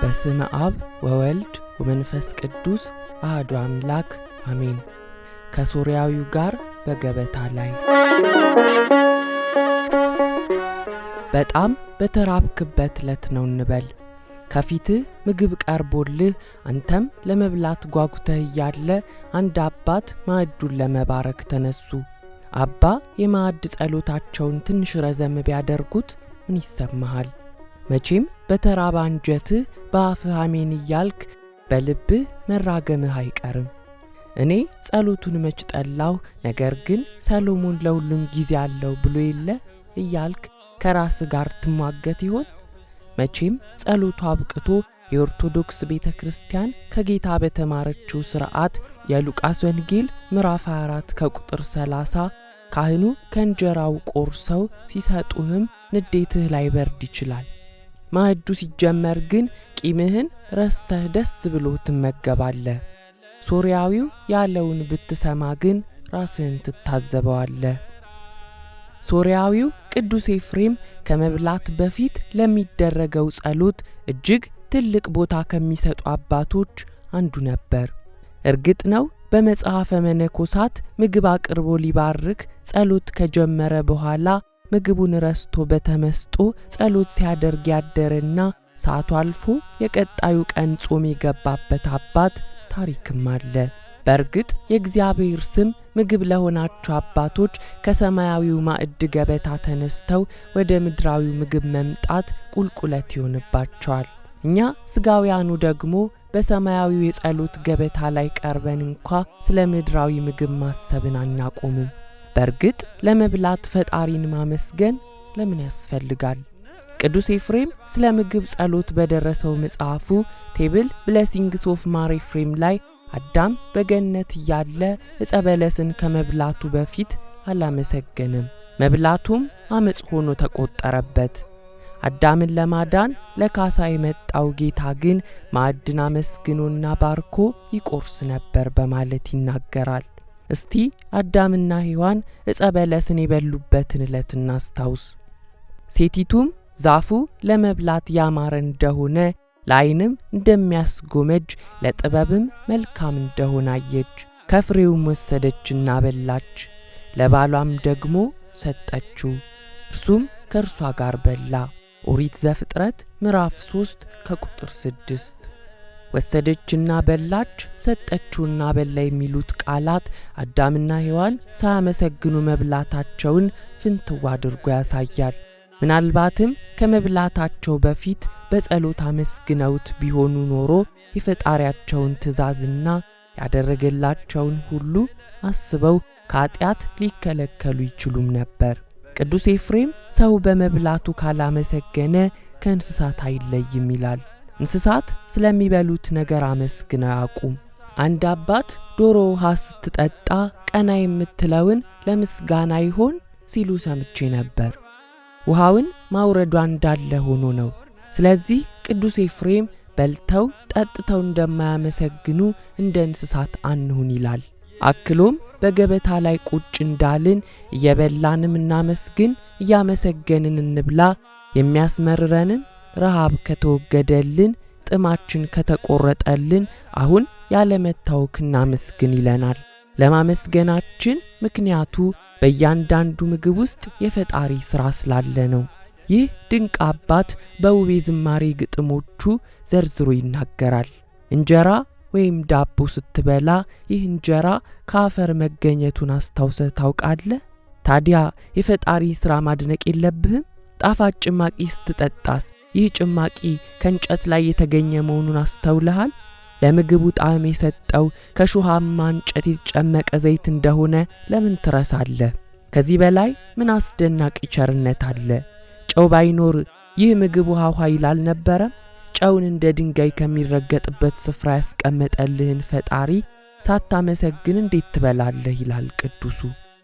በስመ አብ ወወልድ ወመንፈስ ቅዱስ አህዱ አምላክ አሜን። ከሶርያዊው ጋር በገበታ ላይ በጣም በተራብክበት ዕለት ነው እንበል። ከፊትህ ምግብ ቀርቦልህ አንተም ለመብላት ጓጉተህ እያለ አንድ አባት ማዕዱን ለመባረክ ተነሱ። አባ የማዕድ ጸሎታቸውን ትንሽ ረዘም ቢያደርጉት ምን ይሰማሃል? መቼም በተራባ አንጀትህ በአፍህ አሜን እያልክ በልብህ መራገምህ አይቀርም። እኔ ጸሎቱን መች ጠላው፣ ነገር ግን ሰሎሞን ለሁሉም ጊዜ አለው ብሎ የለ እያልክ ከራስ ጋር ትሟገት ይሆን? መቼም ጸሎቱ አብቅቶ የኦርቶዶክስ ቤተ ክርስቲያን ከጌታ በተማረችው ሥርዓት የሉቃስ ወንጌል ምዕራፍ 24 ከቁጥር 30 ካህኑ ከእንጀራው ቆርሰው ሲሰጡህም ንዴትህ ላይ በርድ ይችላል። ማዕዱ ሲጀመር ግን ቂምህን ረስተህ ደስ ብሎ ትመገባለ። ሶርያዊው ያለውን ብትሰማ ግን ራስህን ትታዘበዋለ። ሶርያዊው ቅዱስ ኤፍሬም ከመብላት በፊት ለሚደረገው ጸሎት እጅግ ትልቅ ቦታ ከሚሰጡ አባቶች አንዱ ነበር። እርግጥ ነው በመጽሐፈ መነኮሳት ምግብ አቅርቦ ሊባርክ ጸሎት ከጀመረ በኋላ ምግቡን ረስቶ በተመስጦ ጸሎት ሲያደርግ ያደረና ሰዓቱ አልፎ የቀጣዩ ቀን ጾም የገባበት አባት ታሪክም አለ። በእርግጥ የእግዚአብሔር ስም ምግብ ለሆናቸው አባቶች ከሰማያዊው ማዕድ ገበታ ተነስተው ወደ ምድራዊው ምግብ መምጣት ቁልቁለት ይሆንባቸዋል። እኛ ስጋውያኑ ደግሞ በሰማያዊው የጸሎት ገበታ ላይ ቀርበን እንኳ ስለ ምድራዊ ምግብ ማሰብን አናቆምም። በእርግጥ ለመብላት ፈጣሪን ማመስገን ለምን ያስፈልጋል? ቅዱስ ኤፍሬም ስለ ምግብ ጸሎት በደረሰው መጽሐፉ ቴብል ብለሲንግስ ኦፍ ማር ኤፍሬም ላይ አዳም በገነት እያለ እጸበለስን በለስን ከመብላቱ በፊት አላመሰገንም፣ መብላቱም አመፅ ሆኖ ተቆጠረበት። አዳምን ለማዳን ለካሳ የመጣው ጌታ ግን ማዕድን አመስግኖና ባርኮ ይቆርስ ነበር በማለት ይናገራል። እስቲ አዳምና ሔዋን ዕጸ በለስን የበሉበትን ዕለት እናስታውስ። ሴቲቱም ዛፉ ለመብላት ያማረ እንደሆነ ለዓይንም እንደሚያስጎመጅ ለጥበብም መልካም እንደሆነ አየች። ከፍሬውም ወሰደችና በላች፣ ለባሏም ደግሞ ሰጠችው፣ እርሱም ከእርሷ ጋር በላ። ኦሪት ዘፍጥረት ምዕራፍ 3 ከቁጥር 6 ወሰደችና በላች፣ ሰጠችውና በላ የሚሉት ቃላት አዳምና ሔዋን ሳያመሰግኑ መብላታቸውን ፍንትዋ አድርጎ ያሳያል። ምናልባትም ከመብላታቸው በፊት በጸሎት አመስግነውት ቢሆኑ ኖሮ የፈጣሪያቸውን ትእዛዝና ያደረገላቸውን ሁሉ አስበው ከኃጢአት ሊከለከሉ ይችሉም ነበር። ቅዱስ ኤፍሬም ሰው በመብላቱ ካላመሰገነ ከእንስሳት አይለይም ይላል። እንስሳት ስለሚበሉት ነገር አመስግነ አቁም። አንድ አባት ዶሮ ውሃ ስትጠጣ ቀና የምትለውን ለምስጋና ይሆን ሲሉ ሰምቼ ነበር። ውሃውን ማውረዷ እንዳለ ሆኖ ነው። ስለዚህ ቅዱስ ኤፍሬም በልተው ጠጥተው እንደማያመሰግኑ እንደ እንስሳት አንሁን ይላል። አክሎም በገበታ ላይ ቁጭ እንዳልን እየበላንም እናመስግን፣ እያመሰገንን እንብላ የሚያስመርረንን ረሃብ ከተወገደልን፣ ጥማችን ከተቆረጠልን አሁን ያለመታወክ እናመስግን ይለናል። ለማመስገናችን ምክንያቱ በእያንዳንዱ ምግብ ውስጥ የፈጣሪ ሥራ ስላለ ነው። ይህ ድንቅ አባት በውቤ ዝማሬ ግጥሞቹ ዘርዝሮ ይናገራል። እንጀራ ወይም ዳቦ ስትበላ ይህ እንጀራ ከአፈር መገኘቱን አስታውሰ ታውቃለ ታዲያ የፈጣሪ ሥራ ማድነቅ የለብህም? ጣፋጭ ማቂ ስትጠጣስ ይህ ጭማቂ ከእንጨት ላይ የተገኘ መሆኑን አስተውልሃል? ለምግቡ ጣዕም የሰጠው ከሹሃማ እንጨት የተጨመቀ ዘይት እንደሆነ ለምን ትረሳለህ? ከዚህ በላይ ምን አስደናቂ ቸርነት አለ? ጨው ባይኖር ይህ ምግብ ውሃ ውሃ ይላል ነበረም? ጨውን እንደ ድንጋይ ከሚረገጥበት ስፍራ ያስቀመጠልህን ፈጣሪ ሳታመሰግን እንዴት ትበላለህ? ይላል ቅዱሱ።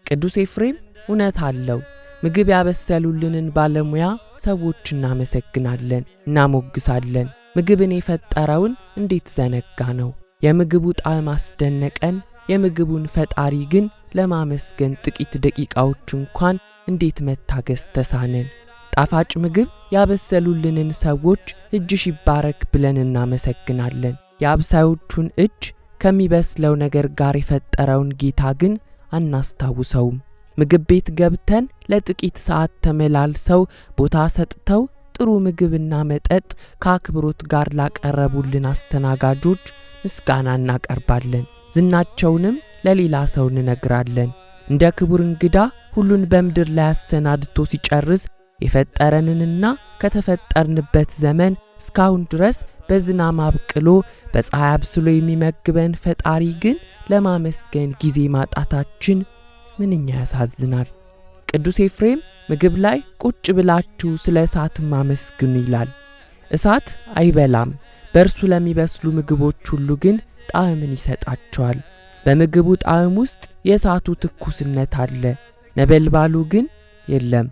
ቅዱስ ኤፍሬም እውነት አለው። ምግብ ያበሰሉልንን ባለሙያ ሰዎች እናመሰግናለን፣ እናሞግሳለን። ምግብን የፈጠረውን እንዴት ዘነጋ ነው? የምግቡ ጣዕም አስደነቀን። የምግቡን ፈጣሪ ግን ለማመስገን ጥቂት ደቂቃዎች እንኳን እንዴት መታገስ ተሳነን? ጣፋጭ ምግብ ያበሰሉልንን ሰዎች እጅሽ ይባረክ ብለን እናመሰግናለን። የአብሳዮቹን እጅ ከሚበስለው ነገር ጋር የፈጠረውን ጌታ ግን አናስታውሰውም። ምግብ ቤት ገብተን ለጥቂት ሰዓት ተመላልሰው ቦታ ሰጥተው ጥሩ ምግብና መጠጥ ከአክብሮት ጋር ላቀረቡልን አስተናጋጆች ምስጋና እናቀርባለን። ዝናቸውንም ለሌላ ሰው እንነግራለን። እንደ ክቡር እንግዳ ሁሉን በምድር ላይ አሰናድቶ ሲጨርስ የፈጠረንንና ከተፈጠርንበት ዘመን እስካሁን ድረስ በዝናም አብቅሎ በፀሐይ አብስሎ የሚመግበን ፈጣሪ ግን ለማመስገን ጊዜ ማጣታችን ምንኛ ያሳዝናል። ቅዱስ ኤፍሬም ምግብ ላይ ቁጭ ብላችሁ ስለ እሳት ማመስግኑ ይላል። እሳት አይበላም፣ በእርሱ ለሚበስሉ ምግቦች ሁሉ ግን ጣዕምን ይሰጣቸዋል። በምግቡ ጣዕም ውስጥ የእሳቱ ትኩስነት አለ፣ ነበልባሉ ግን የለም።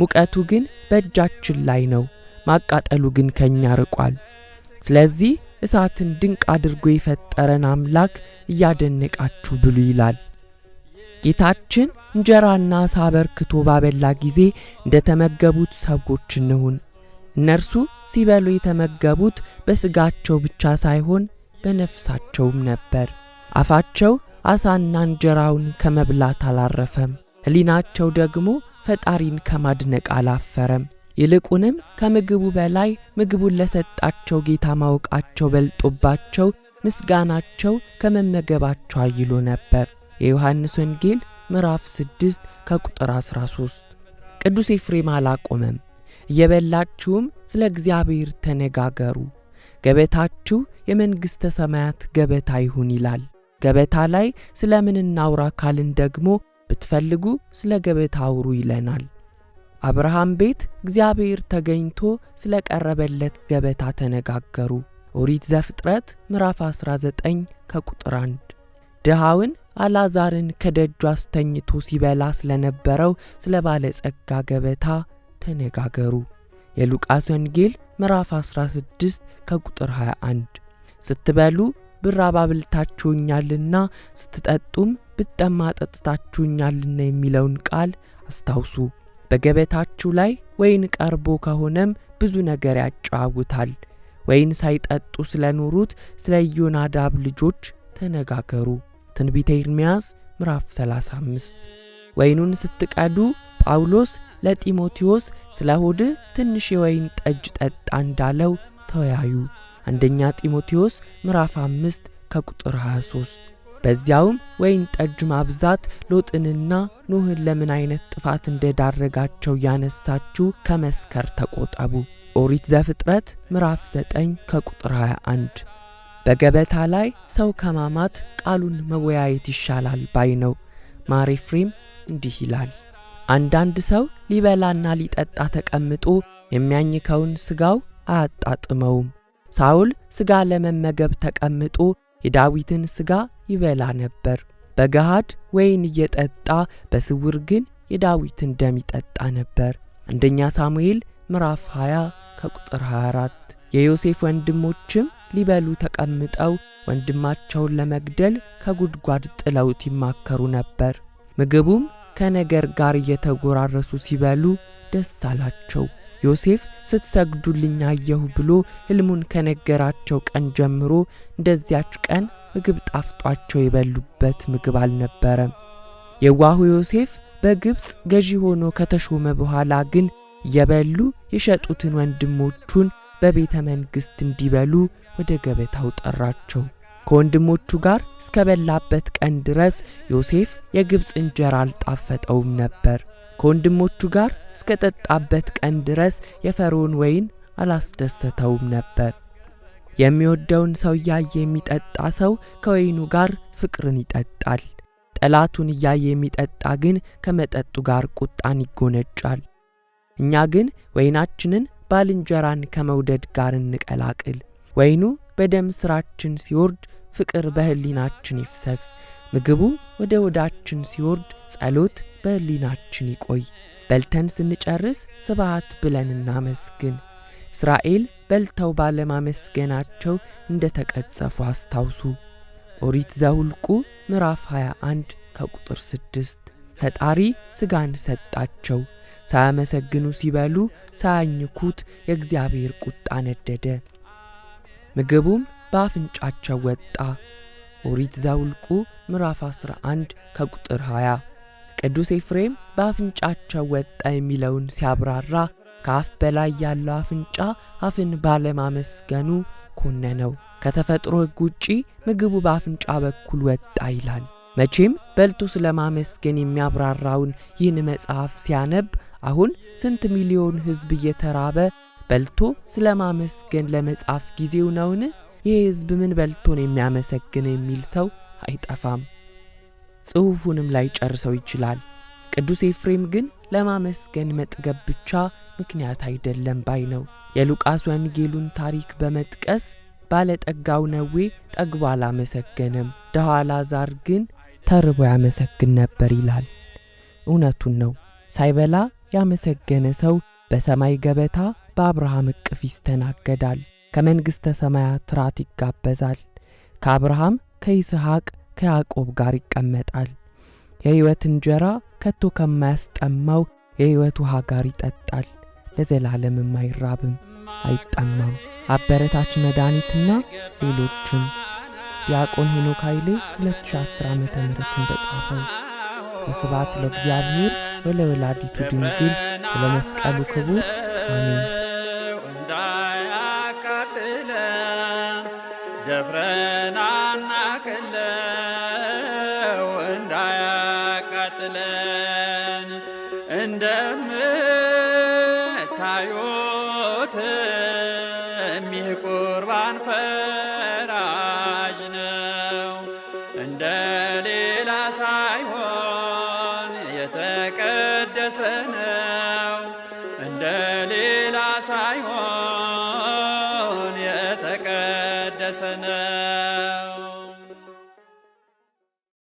ሙቀቱ ግን በእጃችን ላይ ነው፣ ማቃጠሉ ግን ከእኛ ርቋል። ስለዚህ እሳትን ድንቅ አድርጎ የፈጠረን አምላክ እያደነቃችሁ ብሉ ይላል። ጌታችን እንጀራና ዓሣ አበርክቶ ባበላ ጊዜ እንደ ተመገቡት ሰዎች እንሁን። እነርሱ ሲበሉ የተመገቡት በሥጋቸው ብቻ ሳይሆን በነፍሳቸውም ነበር። አፋቸው አሳና እንጀራውን ከመብላት አላረፈም፣ ሕሊናቸው ደግሞ ፈጣሪን ከማድነቅ አላፈረም። ይልቁንም ከምግቡ በላይ ምግቡን ለሰጣቸው ጌታ ማወቃቸው በልጦባቸው ምስጋናቸው ከመመገባቸው አይሎ ነበር። የዮሐንስ ወንጌል ምዕራፍ 6 ከቁጥር 13። ቅዱስ ኤፍሬም አላቆመም። እየበላችሁም ስለ እግዚአብሔር ተነጋገሩ፣ ገበታችሁ የመንግሥተ ሰማያት ገበታ ይሁን ይላል። ገበታ ላይ ስለ ምን እናውራ ካልን ደግሞ ብትፈልጉ ስለ ገበታ አውሩ ይለናል። አብርሃም ቤት እግዚአብሔር ተገኝቶ ስለ ቀረበለት ገበታ ተነጋገሩ። ኦሪት ዘፍጥረት ምዕራፍ 19 ከቁጥር 1 ድሃውን አላዛርን ከደጁ አስተኝቶ ሲበላ ስለነበረው ስለ ባለጸጋ ገበታ ተነጋገሩ። የሉቃስ ወንጌል ምዕራፍ 16 ከቁጥር 21 ስትበሉ ብራብ አብልታችሁኛልና ስትጠጡም ብጠማ ጠጥታችሁኛልና የሚለውን ቃል አስታውሱ። በገበታችሁ ላይ ወይን ቀርቦ ከሆነም ብዙ ነገር ያጨዋውታል። ወይን ሳይጠጡ ስለኖሩት ስለ ዮናዳብ ልጆች ተነጋገሩ። ትንቢተ ኤርምያስ ምዕራፍ 35። ወይኑን ስትቀዱ ጳውሎስ ለጢሞቴዎስ ስለ ሆድህ ትንሽ የወይን ጠጅ ጠጣ እንዳለው ተወያዩ። አንደኛ ጢሞቴዎስ ምዕራፍ 5 ከቁጥር 23። በዚያውም ወይን ጠጅ ማብዛት ሎጥንና ኑህን ለምን አይነት ጥፋት እንደዳረጋቸው ያነሳችሁ ከመስከር ተቆጠቡ። ኦሪት ዘፍጥረት ምዕራፍ 9 ከቁጥር 21 በገበታ ላይ ሰው ከማማት ቃሉን መወያየት ይሻላል ባይ ነው። ማሪ ፍሪም እንዲህ ይላል። አንዳንድ ሰው ሊበላና ሊጠጣ ተቀምጦ የሚያኝከውን ሥጋው አያጣጥመውም። ሳውል ሥጋ ለመመገብ ተቀምጦ የዳዊትን ሥጋ ይበላ ነበር። በገሃድ ወይን እየጠጣ በስውር ግን የዳዊትን ደም ይጠጣ ነበር። አንደኛ ሳሙኤል ምዕራፍ 20 ከቁጥር 24። የዮሴፍ ወንድሞችም ሊበሉ ተቀምጠው ወንድማቸውን ለመግደል ከጉድጓድ ጥለውት ይማከሩ ነበር። ምግቡም ከነገር ጋር እየተጎራረሱ ሲበሉ ደስ አላቸው። ዮሴፍ ስትሰግዱልኝ አየሁ ብሎ ሕልሙን ከነገራቸው ቀን ጀምሮ እንደዚያች ቀን ምግብ ጣፍጧቸው የበሉበት ምግብ አልነበረም። የዋሁ ዮሴፍ በግብፅ ገዢ ሆኖ ከተሾመ በኋላ ግን እየበሉ የሸጡትን ወንድሞቹን በቤተ መንግሥት እንዲበሉ ወደ ገበታው ጠራቸው። ከወንድሞቹ ጋር እስከ በላበት ቀን ድረስ ዮሴፍ የግብፅ እንጀራ አልጣፈጠውም ነበር። ከወንድሞቹ ጋር እስከ ጠጣበት ቀን ድረስ የፈርዖን ወይን አላስደሰተውም ነበር። የሚወደውን ሰው እያየ የሚጠጣ ሰው ከወይኑ ጋር ፍቅርን ይጠጣል። ጠላቱን እያየ የሚጠጣ ግን ከመጠጡ ጋር ቁጣን ይጎነጫል። እኛ ግን ወይናችንን ባልንጀራን ከመውደድ ጋር እንቀላቅል። ወይኑ በደም ሥራችን ሲወርድ ፍቅር በህሊናችን ይፍሰስ። ምግቡ ወደ ወዳችን ሲወርድ ጸሎት በህሊናችን ይቆይ። በልተን ስንጨርስ ስብሐት ብለን እናመስግን። እስራኤል በልተው ባለማመስገናቸው እንደ ተቀጸፉ አስታውሱ። ኦሪት ዘውልቁ ምዕራፍ 21 ከቁጥር 6 ፈጣሪ ሥጋን ሰጣቸው ሳያመሰግኑ ሲበሉ ሳያኝኩት የእግዚአብሔር ቁጣ ነደደ፣ ምግቡም በአፍንጫቸው ወጣ። ኦሪት ዘውልቁ ምዕራፍ 11 ከቁጥር 20። ቅዱስ ኤፍሬም በአፍንጫቸው ወጣ የሚለውን ሲያብራራ ከአፍ በላይ ያለው አፍንጫ አፍን ባለማመስገኑ ኮነነው። ከተፈጥሮ ሕግ ውጪ ምግቡ በአፍንጫ በኩል ወጣ ይላል። መቼም በልቶ ስለማመስገን የሚያብራራውን ይህን መጽሐፍ ሲያነብ አሁን ስንት ሚሊዮን ሕዝብ እየተራበ በልቶ ስለ ማመስገን ለመጻፍ ጊዜው ነውን? ይህ ሕዝብ ምን በልቶን የሚያመሰግን የሚል ሰው አይጠፋም። ጽሑፉንም ላይ ጨርሰው ይችላል። ቅዱስ ኤፍሬም ግን ለማመስገን መጥገብ ብቻ ምክንያት አይደለም ባይ ነው። የሉቃስ ወንጌሉን ታሪክ በመጥቀስ ባለጠጋው ነዌ ጠግቦ አላመሰገነም፣ ደኋላ ዛር ግን ተርቦ ያመሰግን ነበር ይላል። እውነቱን ነው። ሳይበላ ያመሰገነ ሰው በሰማይ ገበታ በአብርሃም እቅፍ ይስተናገዳል። ከመንግሥተ ሰማያት ራት ይጋበዛል። ከአብርሃም ከይስሐቅ ከያዕቆብ ጋር ይቀመጣል። የሕይወት እንጀራ ከቶ ከማያስጠማው የሕይወት ውሃ ጋር ይጠጣል። ለዘላለምም አይራብም፣ አይጠማም። አበረታች መድኃኒትና ሌሎችም ዲያቆን ሄኖክ ኃይሌ 2010 ዓ ም እንደጻፈው ወስብሐት ለእግዚአብሔር ወለወላዲቱ ድንግል ወለመስቀሉ ክቡር አሜን። እንደምታዩት የሚህ ቁርባን